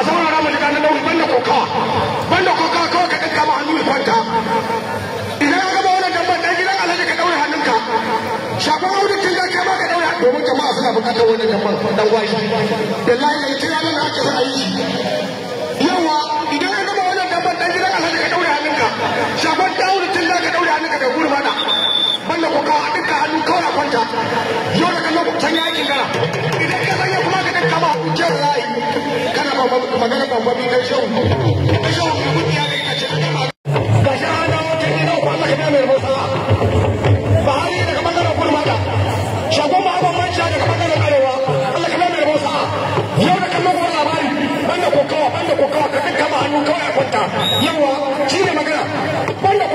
a saurara mu daga nan nauyi banda koka banda koka kawai ka ɗan kama hannu kwanta idan ka gaba wannan dabban ɗan gidan alhaji ka ɗaure hannunka shafan audin kin ga kai ma ka ɗaure domin jama'a suna buƙatar wannan dabban dan gwashi da layi ya kira nan ake son a yi magana kan babi ya kai ba ga ta gida ko Allah ya mai rubuta ba hari daga bangaren mata ba arewa Allah mai rubuta yau da labari banda kokawa banda ka hannu kawai a kwanta yawa shi ne magana banda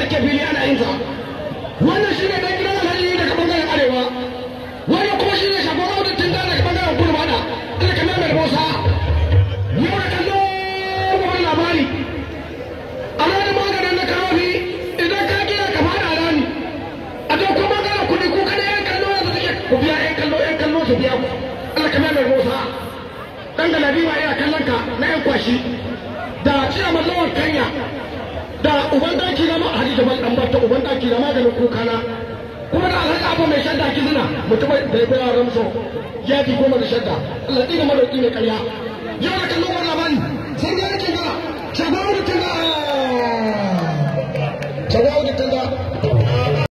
sake fili ana yin sa wannan shi ne dan gidan alhaji daga bangaren arewa wannan kuma shi ne shagon audin tinga daga bangaren kudu bada daga kamar mai bosa yau da kallo wani labari alhaji maganin na kawafi idan ka gina ka fada rani a to kuma maganin kuɗi ko kada yan kallo ya zo take ku biya yan kallo yan kallo su biya ku Allah kamar mai bosa Ɗan galabi ba iya kallon ka na yan kwashi da ciyaman lawan kanya da uban mutumin dan bata uban daki da maganin kukana kuma da alhaji abu mai shadda kizina mutumin da ya koya ramso ya fi goma da shadda Allah ɗiga mai karya yau da kallon labari sai ya da da